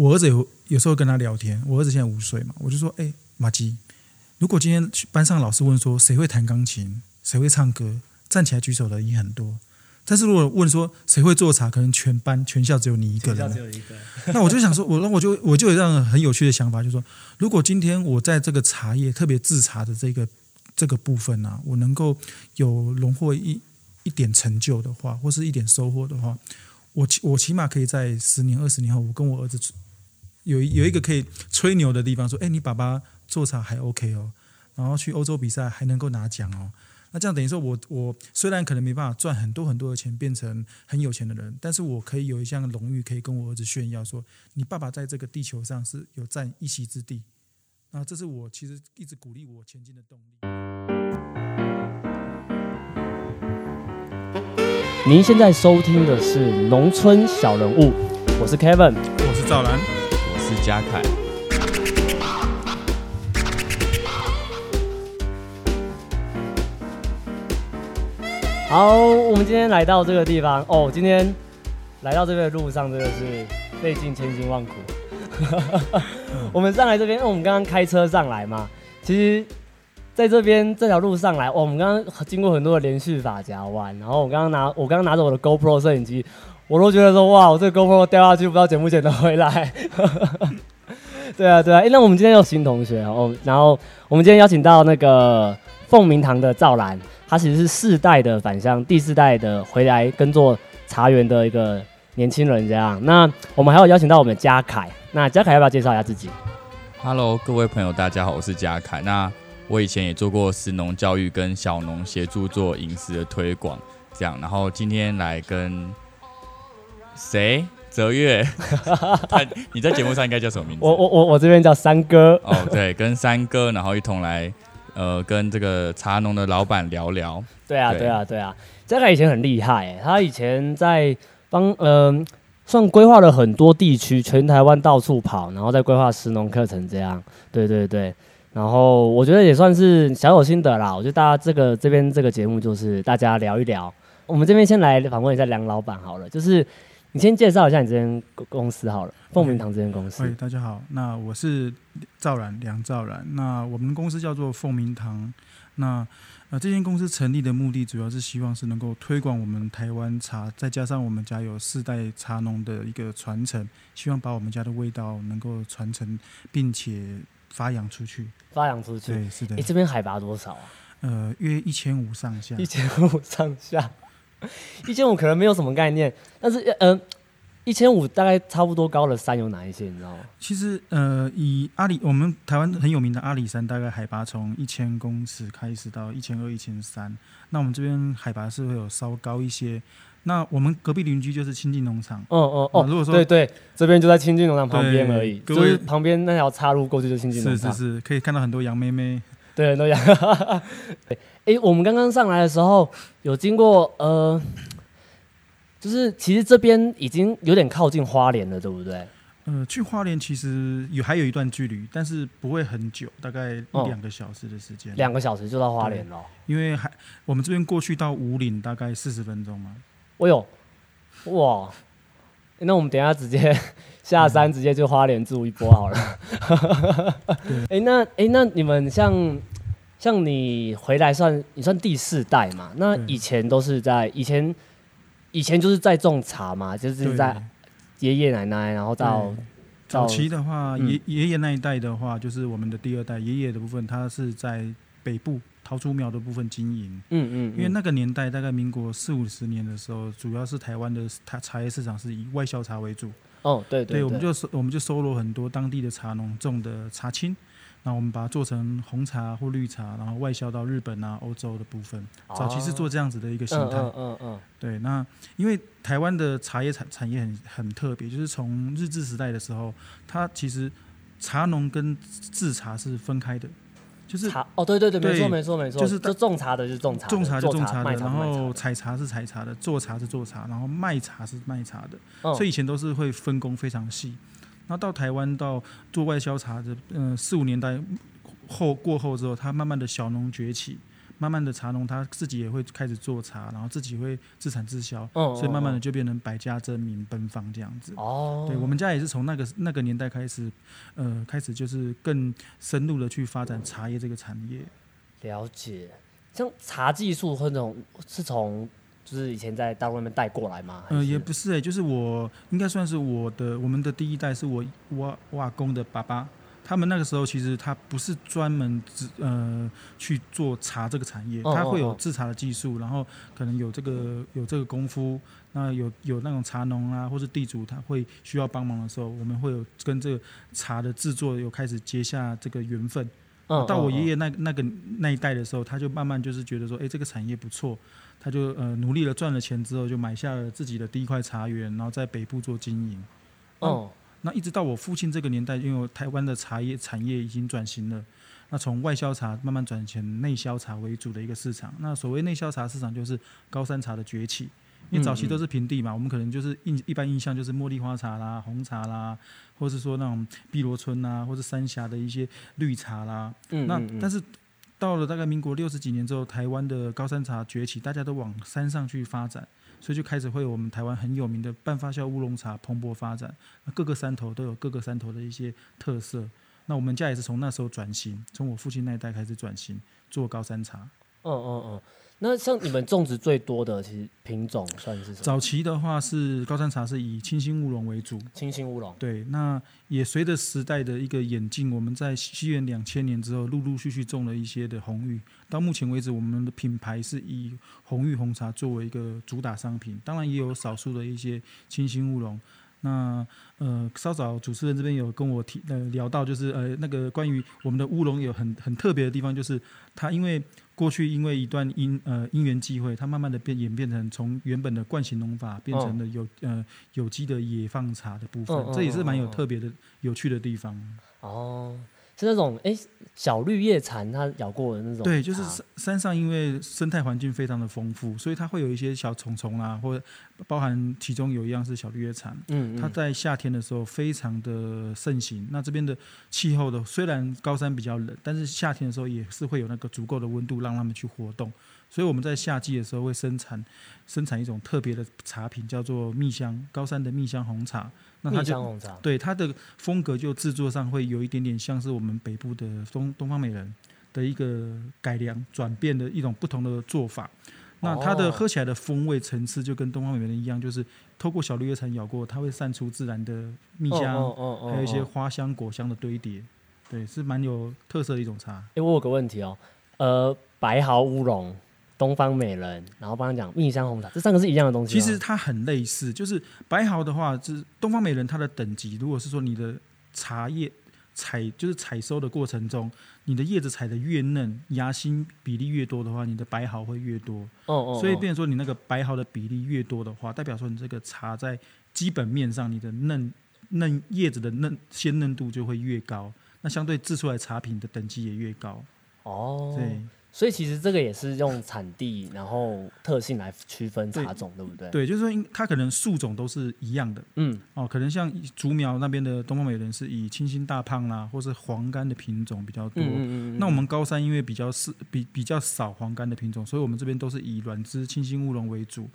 我兒子有有時候跟他聊天，我兒子現在五歲嘛，我就說，哎、欸，馬吉，如果今天班上老師問說誰會彈鋼琴，誰會唱歌，站起來舉手的人也很多，但是如果問說誰會做茶，可能全班全校只有你一個人。個 那我就想說，我那我就我就有這樣很有趣的想法，就是說，如果今天我在這個茶葉特別制茶的這個這個部分呢、啊，我能夠有榮獲一一點成就的話，或是一點收穫的話，我我起碼可以在十年二十年後，我跟我兒子。有有一個可以吹牛的地方，說：“哎，你爸爸做茶還 OK 哦，然後去歐洲比賽還能夠拿獎哦。”那這樣等於說我，我我雖然可能沒辦法賺很多很多的錢，變成很有錢的人，但是我可以有一項榮譽，可以跟我兒子炫耀說：“你爸爸在這個地球上是有占一席之地。”那這是我其實一直鼓勵我前進的動力。您現在收聽的是《農村小人物》，我是 Kevin，我是趙蘭。加看。好，我們今天來到這個地方哦。今天來到這邊的路上這個，真的是費盡千辛萬苦。 我們上來這邊，因為我們剛剛開車上來嘛。其實，在這邊這條路上來，我們剛剛經過很多的連續髮夾彎。然後我剛剛拿，我剛剛拿着我的 GoPro 攝影機。我都覺得說哇，我這個 GoPro 掉下去，不知道撿不撿得回來。 對啊，對啊。哎、欸，那我們今天有新同學、哦、然後我們今天邀請到那個奉茗堂的趙蘭，他其實是世代的返鄉，第四代的回來跟做茶園的一個年輕人這樣。那我們還有邀請到我們嘉凱。那嘉凱要不要介紹一下自己？Hello，各位朋友，大家好，我是嘉凱。那我以前也做過食農教育跟小農協助做飲食的推廣這樣。然後今天來跟。誰？澤月， 他你在節目上應該叫什麼名字？ 我我我我這邊叫三哥。哦、 oh，對，跟三哥，然後一同來，呃，跟這個茶農的老板聊聊。對啊，對，對啊，對啊。張凱以前很厲害、欸，他以前在幫呃算規劃了很多地區，全台灣到處跑，然後在規劃食農課程這樣。對對對。然後我覺得也算是小有心得啦。我覺得大家這個這邊這個節目就是大家聊一聊。我們這邊先來訪問一下梁老板好了，就是。你先介紹一下你這間公司好了，奉茗堂這間公司。喂、欸欸、大家好，那我是趙然，梁趙然。那我們公司叫做奉茗堂。那呃，這間公司成立的目的主要是希望是能夠推廣我們台灣茶，再加上我們家有四代茶農的一個傳承，希望把我們家的味道能夠傳承並且發揚出去，發揚出去。對，是的。你、欸、這邊海拔多少啊？呃，約一千五上下。一千五上下。一千五可能沒有什麼概念，但是呃、嗯，一千五大概差不多高的山有哪一些？你知道嗎？其實呃，以阿裡我們台灣很有名的阿里山，大概海拔從一千公尺開始到一千二、一千三。那我們這邊海拔是會有稍高一些。那我們隔壁鄰居就是清境農場。哦哦哦，如果說、哦、對對，這邊就在清境農場旁邊而已，就是旁邊那條岔路過去就清境農場。是是是，可以看到很多羊妹妹。對，都一樣。對，哎，我們剛剛上來的時候有經過，呃，就是其實這邊已經有點靠近花蓮了，對不對？嗯、呃，去花蓮其實有還有一段距離，但是不會很久，大概一兩個小時的時間。兩個小時就到花蓮了，因為還我們這邊過去到武嶺大概四十分鐘嘛。哎呦，哇，欸、那我們等一下直接下山，直接就花蓮住一波好了。哎、 欸，那哎、欸，那你們像。嗯像你回來算，你算第四代嘛？那以前都是在以前，以前就是在種茶嘛，就是在爺爺奶奶，然後到，到早期的話，爺爺爺那一代的話，就是我們的第二代。爺爺的部分，他是在北部桃竹苗的部分經營。嗯嗯。因為那個年代大概民國四五十年的時候，主要是台灣的茶茶葉市場是以外銷茶為主。哦，對對，對，對，對。我們就我們就收羅很多當地的茶農種的茶青，那我們把它做成紅茶或綠茶，然後外銷到日本啊、歐洲的部分。啊、早期是做這樣子的一個形態。嗯嗯，嗯，嗯。對，那因為台灣的茶葉產產業很很特別，就是從日治時代的時候，它其實茶農跟制茶是分開的。就是茶哦，對對對，對沒錯沒錯沒錯，就是做種，種茶的，茶就是種茶。種茶是種茶，茶的，然後採茶是採茶的，做茶是做茶，然後賣茶是賣茶的，嗯、所以以前都是會分工非常細。那到台灣到做外銷茶的，嗯，四五年代後過後之後，他慢慢的小農崛起，慢慢的茶農他自己也會開始做茶，然後自己會自產自銷，所以慢慢的就變成百家爭鳴、奔放這樣子。哦，對我們家也是從那個那個年代開始，呃，開始就是更深入的去發展茶葉這個產業。了解，像茶技術和那種是從。是以前在大陸那邊帶過來嗎？嗯、呃，也不是、欸、就是我應該算是我的我們的第一代，是我阿阿公的爸爸。他們那個時候其實他不是專門製呃去做茶這個產業，哦哦哦他會有製茶的技術，然後可能有這個有這個功夫，那有有那種茶農啊，或是地主，他會需要幫忙的時候，我們會有跟這個茶的制作有開始結下這個緣分。哦哦哦到我爺爺那那個那一代的時候，他就慢慢就是覺得說，哎，這個產業不錯。他就呃努力了賺了錢之後，就買下了自己的第一塊茶園，然後在北部做經營。Oh. 哦，那一直到我父親這個年代，因為台灣的茶葉產業已經轉型了，那從外銷茶慢慢轉型內銷茶為主的一個市場。那所謂內銷茶市場，就是高山茶的崛起，嗯嗯。因為早期都是平地嘛，我們可能就是印一般印象就是茉莉花茶啦、紅茶啦，或是說那種碧螺春啦、啊，或是三峽的一些綠茶啦。嗯，嗯，嗯，那但是。到了大概民國六十幾年之後，台灣的高山茶崛起，大家都往山上去發展，所以就開始會有我們台灣很有名的半發酵烏龍茶蓬勃發展。各個山頭都有各個山頭的一些特色。那我們家也是從那時候轉型，從我父親那一代開始轉型做高山茶。哦哦哦。那像你們種植最多的其實品種算是什麼？早期的話是高山茶，是以清新烏龍為主。清新烏龍對。那也隨着時代的一個演進，我們在西元兩千年之後，陸陸續續種了一些的紅玉。到目前為止，我們的品牌是以紅玉紅茶作為一個主打商品，當然也有少數的一些清新烏龍。那呃，稍早主持人這邊有跟我提呃聊到，就是呃那個關於我們的烏龍有很很特別的地方，就是它因為過去因為一段因呃因緣際會，它慢慢的變演變成從原本的慣行農法變成了有、oh. 呃有機的野放茶的部分，oh. 這也是蠻有特別的、oh. 有趣的地方哦。Oh. 是那種誒、欸，小綠葉蟬它咬過的那種。對，就是山山上因為生態環境非常的豐富，所以它會有一些小蟲蟲啊，或者包含其中有一樣是小綠葉蟬。嗯，嗯，它在夏天的時候非常的盛行。那這邊的氣候的雖然高山比較冷，但是夏天的時候也是會有那個足夠的溫度，讓它們去活動。所以我們在夏季的時候會生產生產一種特別的茶品，叫做蜜香高山的蜜香紅茶。那它就蜜香紅茶。對，它的風格就製作上會有一點點像是我們北部的東東方美人的一個改良轉變的一種不同的做法。那它的喝起來的風味層次就跟東方美人一樣，就是透過小綠葉蟬咬過，它會散出自然的蜜香，哦哦哦哦哦哦，還有一些花香果香的堆疊。對，是蠻有特色的一種茶。哎、欸，我有個問題哦，呃，白毫烏龍。東方美人，然後幫她講蜜香紅茶，這三個是一樣的東西嗎？其實它很類似，就是白毫的話，就是東方美人它的等級。如果是說你的茶葉採，就是採收的過程中，你的葉子採的越嫩，芽心比例越多的話，你的白毫會越多。哦哦哦，所以變成說你那個白毫的比例越多的話，代表說你這個茶在基本面上，你的嫩嫩葉子的嫩鮮嫩度就會越高，那相對制出來茶品的等級也越高。哦，對。所以其實這個也是用產地然後特性來區分茶種，對，對不對？對，就是說它可能樹種都是一樣的。嗯，哦，可能像竹苗那邊的東方美人是以青心大冇啦、啊，或是黃柑的品種比較多。嗯，嗯，嗯，嗯，那我們高山因為比較是比比較少黃柑的品種，所以我們這邊都是以軟枝青心烏龍為主。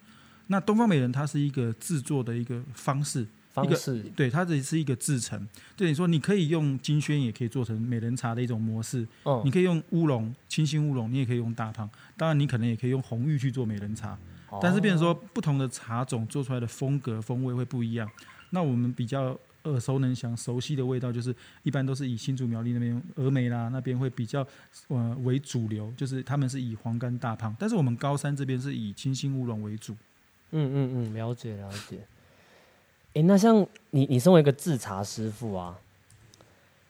那東方美人它是一個制作的一個方式。一個是對，它只是一個製程。對你說，你可以用金萱，也可以做成美人茶的一種模式。哦，你可以用烏龍、青心烏龍，你也可以用大冇。當然，你可能也可以用紅玉去做美人茶。哦、但是，變成說不同的茶種做出來的風格、風味會不一樣。那我們比較耳熟能詳、熟悉的味道，就是一般都是以新竹苗栗那邊峨眉啦，那邊會比較呃為主流，就是他們是以黃柑大冇。但是我們高山這邊是以青心烏龍為主。嗯嗯嗯，了解了解。哎，那像你，你身為一個製茶師傅啊，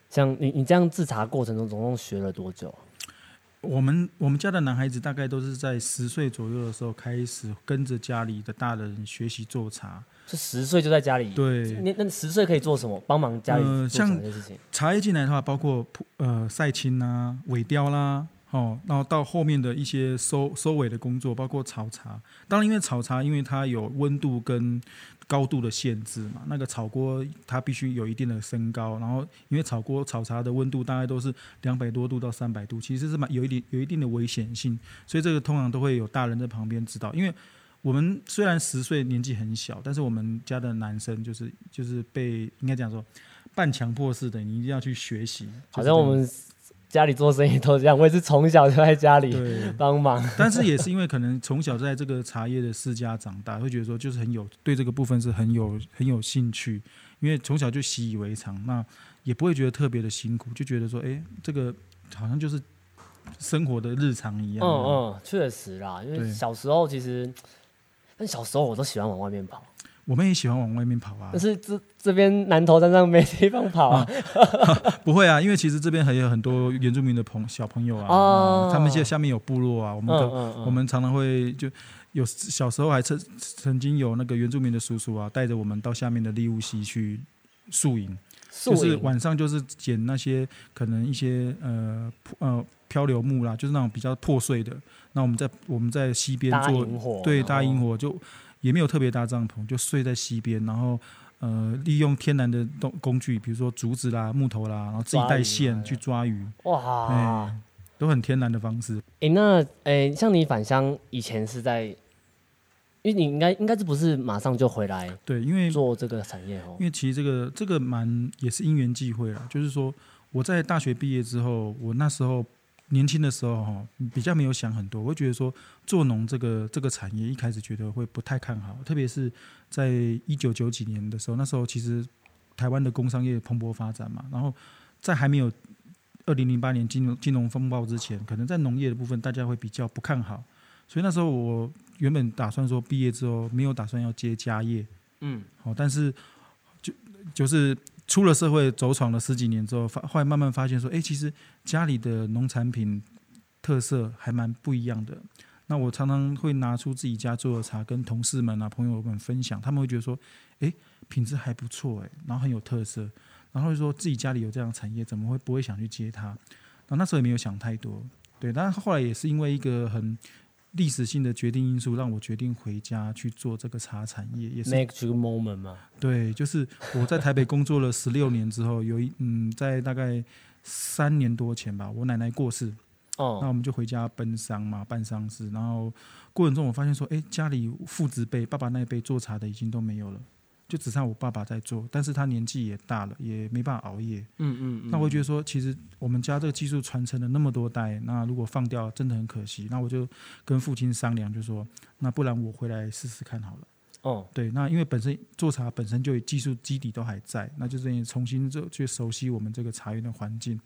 像你，你這樣製茶過程中，總共學了多久啊？我們我們家的男孩子大概都是在十歲左右的時候開始跟着家裡的大人學習做茶。是十歲就在家裡？對。那那十歲可以做什麼？幫忙家裡做什麼，呃，像事情。茶葉進來的話，包括呃曬青啊、萎凋啦。哦，然後到後面的一些收收尾的工作，包括炒茶。當然，因為炒茶，因為它有溫度跟高度的限制嘛。那個炒鍋它必須有一定的身高，然後因為炒鍋炒茶的溫度大概都是兩百多度到三百度，其實是蠻有一點有一定的危險性，所以這個通常都會有大人在旁邊指導。因為我們雖然十歲年紀很小，但是我們家的男生就是就是被應該這樣說，半強迫式的，你一定要去學習、就是。好像我們。家裡做生意都這樣，我也是從小就在家裡幫忙。 但是也是因為可能從小在這個茶葉的世家長大，會覺得說就是很有對這個部分是很有很有興趣，因為從小就習以為常，那也不會覺得特別的辛苦，就覺得說，哎、欸，這個好像就是生活的日常一樣啊。嗯嗯，確實啦，因為小時候其實，但小時候我都喜歡往外面跑。我們也喜歡往外面跑啊，但是這這邊南投山上沒地方跑啊，啊， 啊，啊。不會啊，因為其實這邊還有很多原住民的朋小朋友啊，哦嗯、他們現在下面有部落啊。嗯、我們、嗯、我們常常會就有小時候還曾曾經有那個原住民的叔叔啊，帶着我們到下面的利霧溪去宿營，營，就是晚上就是撿那些可能一些呃呃漂流木啦，就是那種比較破碎的。那我們在我們在溪邊做對打營火、哦、就。也沒有特別搭帳篷，就睡在溪邊，然後，呃，利用天然的東工具，比如說竹子啦、木頭啦，然後自己帶線抓去抓魚。哇好好好，都很天然的方式。誒、欸，那，誒、欸，像你返鄉以前是在，因為你應該應該是不是馬上就回來、喔？對，因為做這個產業哦。因為其實這個這個蠻也是因緣際會了，就是說我在大學畢業之後，我那時候。年輕的時候哈，比較沒有想很多。我會覺得說做農這個這個產業，一開始覺得會不太看好，特別是在一九九幾年的時候，那時候其實台灣的工商業蓬勃發展嘛，然後在還沒有二零零八年金融金融風暴之前，可能在農業的部分大家會比較不看好。所以那時候我原本打算說畢業之後沒有打算要接家業，嗯，好，但是就就是。出了社會，走闖了十幾年之後，發後來慢慢發現說，哎，其實家裡的農產品特色還蠻不一樣的。那我常常會拿出自己家做的茶，跟同事們啊、朋友們啊、朋友們分享，他們會覺得說，哎，品質還不錯，誒，然後很有特色，然後就說自己家裡有這樣的產業，怎麼會不會想去接他？然後那時候也沒有想太多，對，但後來也是因為一個很。歷史性的決定因素讓我決定回家去做這個茶產業，也是 make 這個 moment 嘛？對，就是我在台北工作了十六年之後，有一嗯，在大概三年多前吧，我奶奶過世。哦，那我們就回家奔喪嘛，辦喪事，然後過程中我發現說，哎，家裡父子輩、爸爸那一輩做茶的已經都沒有了。就只剩我爸爸在做，但是他年紀也大了，也沒辦法熬夜。嗯嗯，嗯。那我覺得說，其實我們家這個技術傳承了那麼多代，那如果放掉，真的很可惜。那我就跟父親商量，就說，那不然我回來試試看好了。哦，對，那因為本身做茶本身就有技術基底都還在，那就是因為重新就去熟悉我們這個茶園的環境。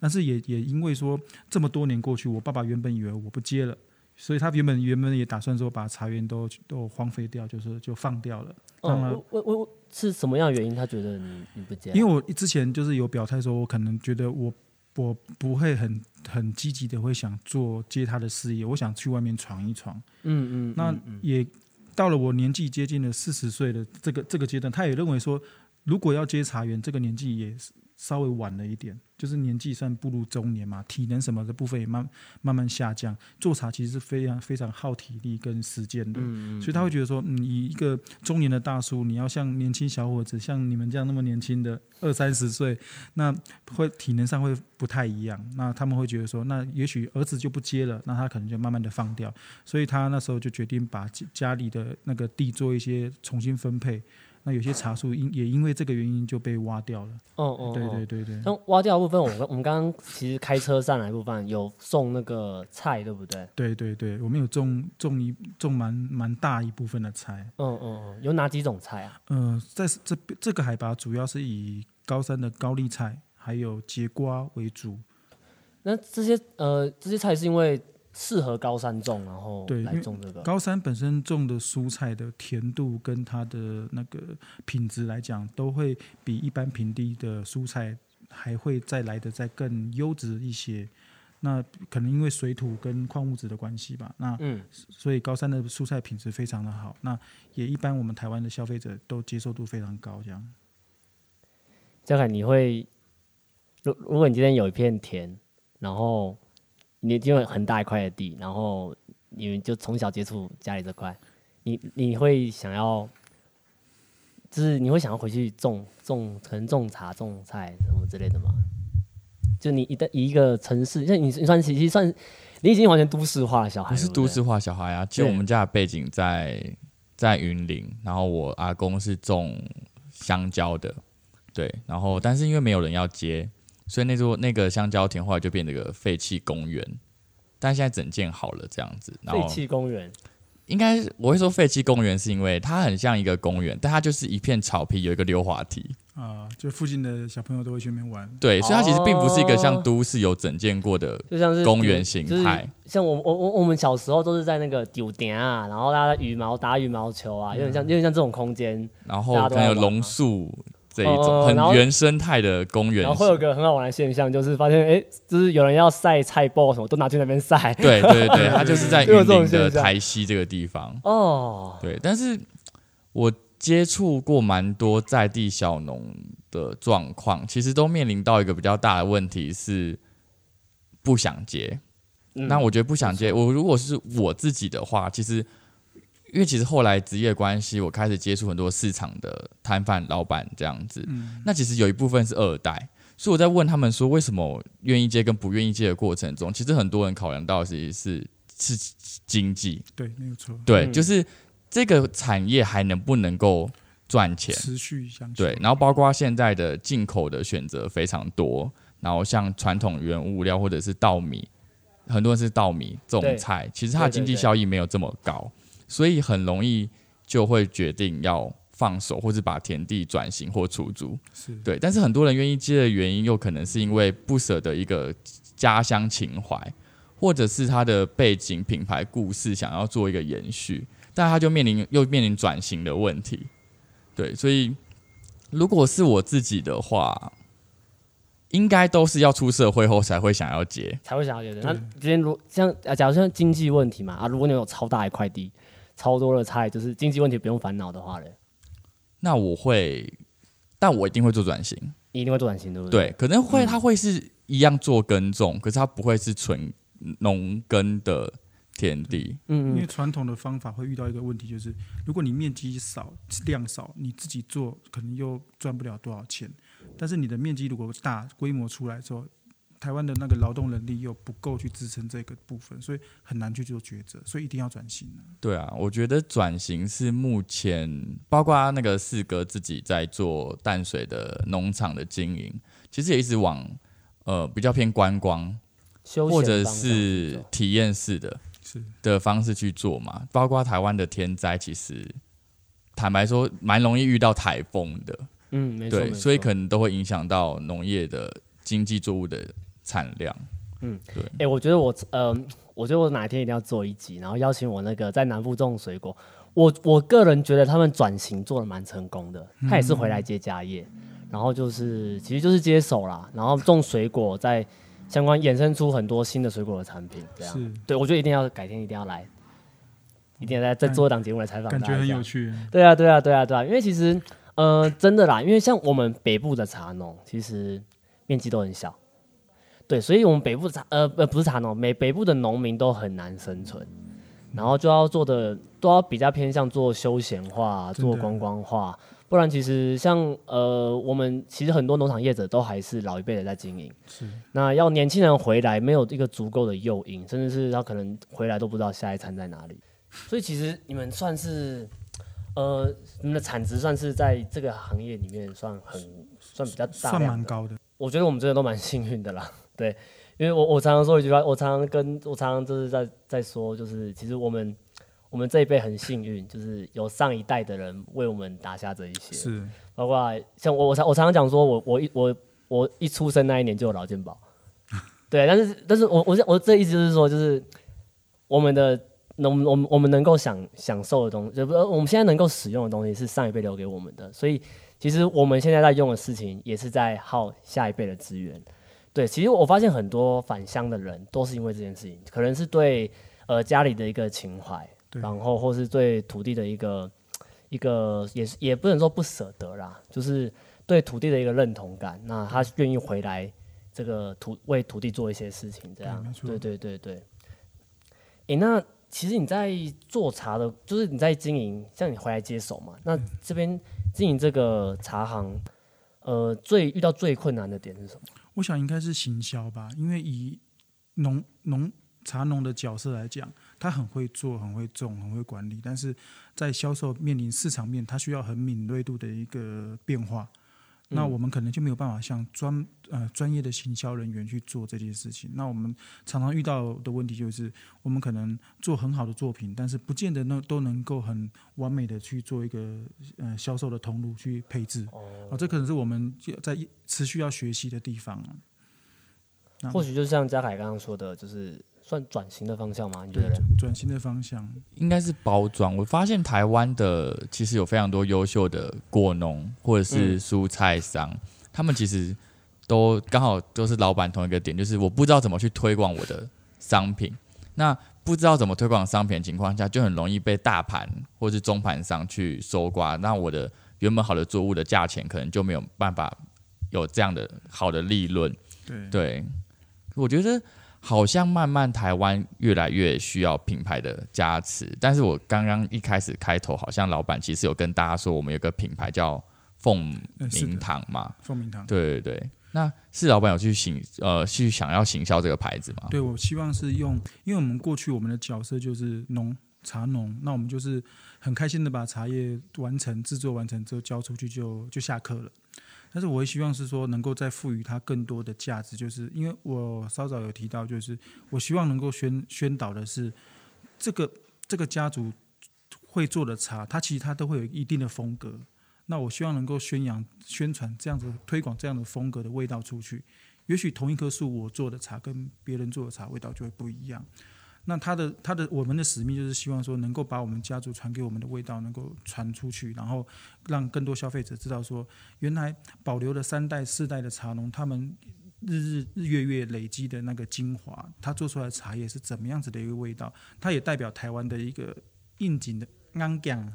但是也也因為說這麼多年過去，我爸爸原本以為我不接了。所以他原本原本也打算說把茶園都都荒廢掉，就是就放掉了。哦，我我我是什麼樣的原因？他覺得你你不接了？因為我之前就是有表態說，我可能覺得我我不會很很積極的會想做接他的事業，我想去外面闖一闖。嗯嗯，嗯。那也到了我年紀接近了四十歲的這個這個階段，他也認為說。如果要接茶園，這個年紀也稍微晚了一點，就是年紀算步入中年嘛，體能什麼的部分也慢慢慢下降。做茶其實是非常非常耗體力跟時間的，嗯嗯嗯。所以他會覺得說，你、嗯、一個中年的大叔，你要像年輕小夥子，像你們這樣那麼年輕的二三十歲，那會體能上會不太一樣。那他們會覺得說，那也許兒子就不接了，那他可能就慢慢的放掉。所以他那時候就決定把家裡的那個地做一些重新分配。那有些茶樹因也因為這個原因就被挖掉了。嗯嗯，對對對對，對。那、嗯嗯嗯、挖掉的部分，我我們剛剛其實開車上來部分有種那個菜，對不對？對對對，我們有種種一種蠻蠻大一部分的菜。嗯嗯嗯，嗯，有哪幾種菜啊？嗯、呃，在這這個海拔主要是以高山的高麗菜還有節瓜為主。那這些呃這些菜是因為？適合高山種，然後、這個、對高山本身種的蔬菜的甜度跟它的那個品質來講，都會比一般平地的蔬菜還會再來得再更優質一些。那可能因為水土跟礦物質的關係吧。那、嗯、所以高山的蔬菜品質非常的好。那也一般我們台灣的消費者都接受度非常高。這樣，小凱，你會如如果你今天有一片田，然後，你就很大一塊的地，然後你們就從小接觸家裡這塊，你你會想要，就是你會想要回去種種，可能種茶、種菜什麼之類的嗎？就你一一個城市，像你，你算其實算，你已經完全都市化了小孩了。不是都市化小孩啊，其實我們家的背景在在雲林，然後我阿公是種香蕉的，對，然後但是因為沒有人要接。所以那座那個香蕉田後來就變成一個廢棄公園，但現在整建好了這樣子。廢棄公園，應該我會說廢棄公園是因為它很像一個公園，但它就是一片草皮，有一個溜滑梯啊、呃，就附近的小朋友都會去那邊玩。對，所以它其實並不是一個像都市有整建過的、哦，就像是公園形態。就是、像我我我我們小時候都是在那個丟蛋啊，然後大家在打羽毛打羽毛球啊，有點像有點像這種空間、嗯，然後還有榕樹。這一種很原生態的公園、uh,，然後會有一個很好玩的現象，就是發現，哎、欸，就是有人要曬菜包什麼，都拿去那邊曬。對對對，他就是在雲林的台西這個地方。哦，oh. 對，但是我接觸過蠻多在地小農的狀況，其實都面臨到一個比較大的問題是不想接、嗯。那我覺得不想接，我如果是我自己的話，其實。因為其實後來職業關係，我開始接觸很多市場的攤販老板這樣子。嗯。那其實有一部分是二代，所以我在問他們說為什麼願意接跟不願意接的過程中，其實很多人考量到其實是是，是，是，是經濟。對，沒有錯。對、嗯，就是這個產業還能不能夠賺錢，持續一下。對，然後包括現在的進口的選擇非常多，然後像傳統原物料或者是稻米，很多人是稻米種菜，其實它的經濟效益沒有這麼高。對對對對所以很容易就會決定要放手，或是把田地轉型或出租，對。但是很多人願意接的原因，又可能是因為不捨得一個家鄉情懷，或者是他的背景品牌故事，想要做一個延續，但他就面臨又面臨轉型的問題，對。所以如果是我自己的話，應該都是要出社會後才會想要接，才會想要接的。那、啊、今天如果像啊，假如像經濟問題嘛啊，如果你有超大一塊地。超多的菜，就是經濟問題不用煩惱的話嘞。那我會，但我一定會做轉型。你一定會做轉型，對不對？對，可能會它、嗯、會是一樣做耕種，可是它不會是純農耕的田地。嗯，嗯，嗯。因為傳統的方法會遇到一個問題，就是如果你面積少量少，你自己做可能又賺不了多少錢。但是你的面積如果大規模出來之後，台灣的那個勞動能力又不夠去支撐這個部分，所以很難去做抉擇，所以一定要轉型啊。對啊，我覺得轉型是目前包括那個四哥自己在做淡水的農場的經營，其實也一直往呃比較偏觀光、休閒或者是體驗式的的方式去做嘛。包括台灣的天災，其實坦白說蠻容易遇到颱風的，嗯，對，所以可能都會影響到農業的經濟作物的。產量，嗯，對，哎，我覺得我，呃，我覺得我哪一天一定要做一集，然後邀請我那個在南部種水果，我我個人覺得他們轉型做得蠻成功的，他也是回來接家業，嗯、然後就是其實就是接手啦，然後種水果在相關衍生出很多新的水果的產品，這樣，對，我覺得一定要改天一定要來，一定要來再做一檔節目來採訪，感覺很有趣，對啊，對啊，對啊，對啊，對啊，因為其實，呃，真的啦，因為像我們北部的茶農，其實面積都很小。對，所以，我們北部茶，呃，呃，不是茶農，每北部的農民都很難生存，嗯，然後就要做的都要比較偏向做休閒化，做觀光化，不然其實像呃，我們其實很多農場業者都還是老一輩的在經營，是，那要年輕人回來，沒有一個足夠的誘因，甚至是他可能回來都不知道下一餐在哪裡，所以其實你們算是，呃，你們的產值算是在這個行業裡面算很算比較大的，算蠻高的，我覺得我們真的都蠻幸運的啦。對，因為我我常常說一句話，我常常跟我常常就是在在說，就是其實我們我們這一輩很幸運，就是有上一代的人為我們打下這一些，是包括像我我常我常常講說我，我一我一我我一出生那一年就有勞健保，嗯，對，但是但是我我我這意思就是說，就是我們的能我們我們能夠享享受的東西，就是，我們現在能夠使用的東西是上一輩留給我們的，所以其實我們現在在用的事情也是在耗下一輩的資源。對，其實我發現很多返鄉的人都是因為這件事情，可能是對呃家裡的一個情懷，然後或是對土地的一個一個，也也不能說不捨得啦，就是對土地的一個認同感。那他願意回來這個土為土地做一些事情，這樣對。對對對對。哎，那其實你在做茶的，就是你在經營，像你回來接手嘛，那這邊經營這個茶行，呃，最遇到最困難的點是什麼？我想應該是行銷吧，因為以農農茶農的角色來講，他很會做、很會種、很會管理，但是在銷售面臨市場面，他需要很敏銳度的一個變化。那我們可能就沒有辦法像專呃專業的行銷人員去做這件事情。那我們常常遇到的問題就是，我們可能做很好的作品，但是不見得呢都能夠很完美的去做一個呃銷售的通路去配置。哦、呃，這可能是我們就在持續要學習的地方。那或許就像嘉凱剛剛說的，就是。算轉型的方向嗎？你覺得轉型的方向應該是包裝。我發現台灣的其實有非常多優秀的果農或者是蔬菜商，嗯、他們其實都剛好都是老板同一個點，就是我不知道怎麼去推廣我的商品。那不知道怎麼推廣商品的情況下，就很容易被大盤或是中盤商去搜刮。那我的原本好的作物的價錢可能就沒有辦法有這樣的好的利潤。對，我覺得。好像慢慢台灣越來越需要品牌的加持，但是我剛剛一開始開頭好像老板其實有跟大家說，我們有個品牌叫奉茗堂嘛。奉茗堂，對對對，那是老板有去行呃去想要行銷這個牌子嗎？對，我希望是用，因為我們過去我們的角色就是農，茶農，那我們就是很開心的把茶葉完成制作完成之後交出去就就下課了。但是我也希望是說，能夠再賦予它更多的價值，就是因為我稍早有提到，就是我希望能夠宣宣導的是，這個這個家族會做的茶，它其實它都會有一定的風格。那我希望能夠宣揚、宣傳這樣子推廣這樣的風格的味道出去。也許同一棵樹我做的茶跟別人做的茶味道就會不一樣。那他的他的我們的使命就是希望說，能夠把我們家族傳給我們的味道能夠傳出去，然後讓更多消費者知道說，原來保留了三代四代的茶農，他們日日日月月累積的那個精華，他做出來的茶葉是怎麼樣子的一個味道。它也代表台灣的一個硬頸的，硬講，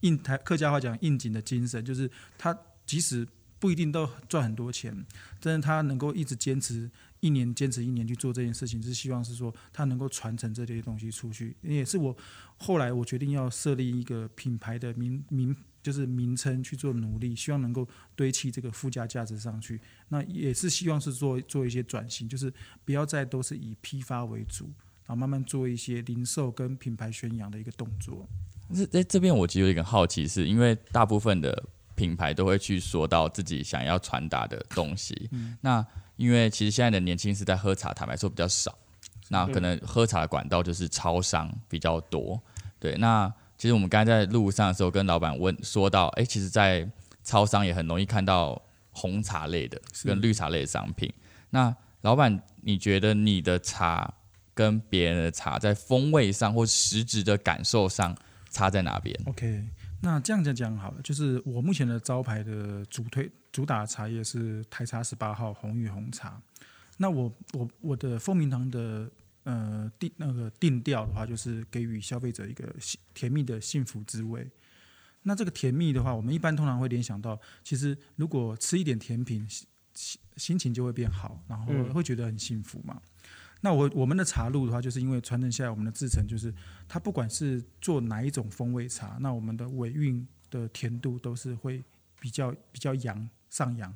應台客家話講硬頸的精神，就是他即使不一定都賺很多錢，但是他能夠一直堅持。一年堅持一年去做這件事情，是希望是說它，能夠傳承這些東西出去，也是我後來我決定要設立一個品牌的名名就是名稱去做努力，希望能夠堆砌這個附加價值上去。那也是希望是做做一些轉型，就是不要再都是以批發為主，然後慢慢做一些零售跟品牌宣揚的一個動作。那、欸、在這邊我其實有一個好奇是，是因為大部分的。品牌都會去說到自己想要傳達的東西。嗯。那因為其實現在的年輕人是在喝茶，坦白說比較少。那可能喝茶的管道就是超商比較多。對，那其實我們剛才在路上的時候跟老板問說到，哎，其實，在超商也很容易看到紅茶類的跟綠茶類的商品。那老板，你覺得你的茶跟別人的茶在風味上或實質的感受上差在哪邊？OK。那這樣子講好了，就是我目前的招牌的主推、主打茶葉是台茶十八號紅玉紅茶。那我、我、我的奉茗堂的呃定那個定調的話，就是給予消費者一個甜蜜的幸福滋味。那這個甜蜜的話，我們一般通常會聯想到，其實如果吃一點甜品，心心情就會變好，然後會覺得很幸福嘛。嗯那我我們的茶路的話，就是因為傳承下來我們的製程，就是它不管是做哪一種風味茶，那我們的尾韻的甜度都是會比較比較揚上揚，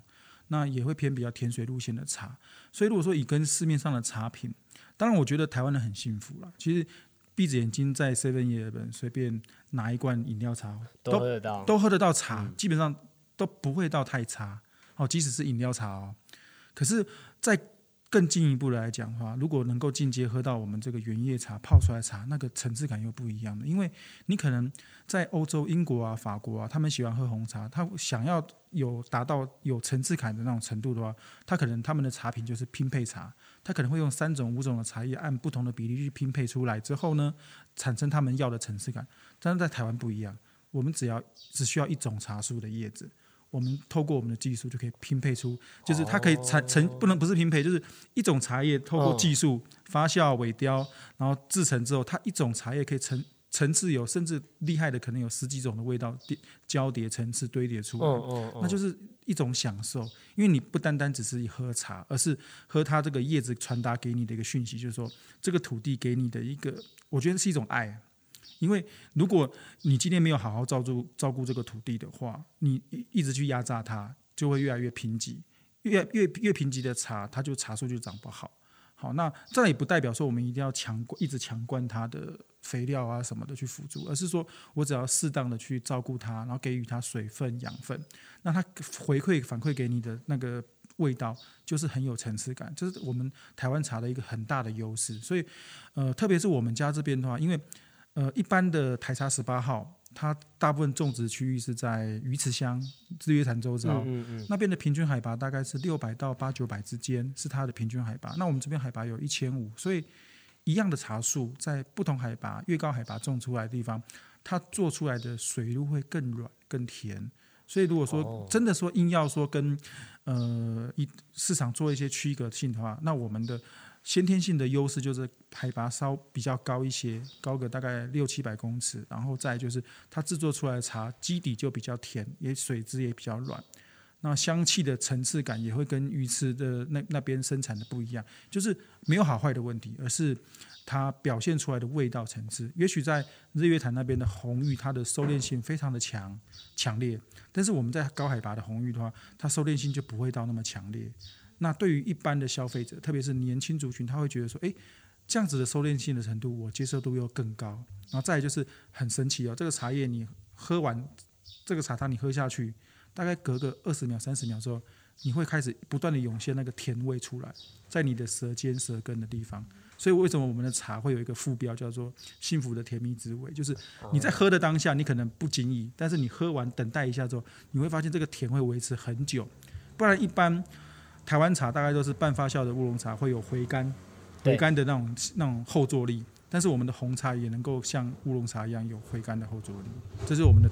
那也會偏比較甜水路線的茶。所以如果說你跟市面上的茶品，當然我覺得台灣人很幸福了。其實閉着眼睛在 seven eleven 隨便拿一罐飲料茶都、都喝得到，都喝得到茶，嗯、基本上都不會到太差哦。即使是飲料茶哦，可是，在更進一步的來講的話，如果能夠進階喝到我們這個原葉茶泡出來的茶，那個層次感又不一樣了。因為你可能在歐洲、英國啊、法國啊，他們喜歡喝紅茶，他想要有達到有層次感的那種程度的話，他可能他們的茶品就是拼配茶，他可能會用三種、五種的茶葉按不同的比例去拼配出來之後呢，產生他們要的層次感。但是在台灣不一樣，我們只要只需要一種茶樹的葉子。我們透過我們的技術就可以拼配出，就是它可以產、oh, 成不能不是拼配，就是一種茶葉透過技術發酵、萎凋，然後製成之後，它一種茶葉可以層層次有，甚至厲害的可能有十幾種的味道疊交疊、層次堆疊出來，oh, oh, oh. 那就是一種享受。因為你不單單只是喝茶，而是喝它這個葉子傳達給你的一個訊息，就是說這個土地給你的一個，我覺得是一種愛。因為如果你今天沒有好好照顧照顧這個土地的話，你一直去壓榨它，就會越來越貧瘠，越越越貧瘠的茶，它就茶樹就長不好。好，那這也不代表說我們一定要強一直強灌它的肥料啊什麼的去輔助，而是說，我只要適當的去照顧它，然後給予它水分、養分，那它回饋反饋給你的那個味道，就是很有層次感，這就是我們台灣茶的一個很大的優勢。所以，呃，特別是我們家這邊的話，因為呃，一般的台茶十八號，它大部分種植區域是在魚池鄉、日月潭周遭、嗯嗯嗯，那邊的平均海拔大概是六百到八九百之間，是它的平均海拔。那我們這邊海拔有一千五，所以一樣的茶樹在不同海拔、越高海拔種出來的地方，它做出來的水路會更軟、更甜。所以如果說、哦、真的說硬要說跟呃一市場做一些區隔性的話，那我們的。先天性的優勢就是海拔稍比較高一些，高個大概六七百公尺，然後再就是它製作出來的茶基底就比較甜，也水質也比較軟，那香氣的層次感也會跟魚池的那那邊生產的不一樣，就是沒有好壞的問題，而是它表現出來的味道層次。也許在日月潭那邊的紅玉，它的收斂性非常的強強烈，但是我們在高海拔的紅玉的話，它收斂性就不會到那麼強烈。那對於一般的消費者，特別是年輕族群，他會覺得說：“誒，這樣子的收斂性的程度，我接受度又更高。”然後再就是很神奇哦，這個茶葉你喝完這個茶湯你喝下去，大概隔個二十秒、三十秒之後，你會開始不斷的湧現那個甜味出來，在你的舌尖、舌根的地方。所以為什麼我們的茶會有一個副標叫做“幸福的甜蜜滋味”，就是你在喝的當下你可能不經意，但是你喝完等待一下之後，你會發現這個甜會維持很久，不然一般。台灣茶大概都是半發酵的烏龍茶，會有回甘、回甘的那種、那種後坐力。但是我們的紅茶也能夠像烏龍茶一樣有回甘的後坐力，這是我們的。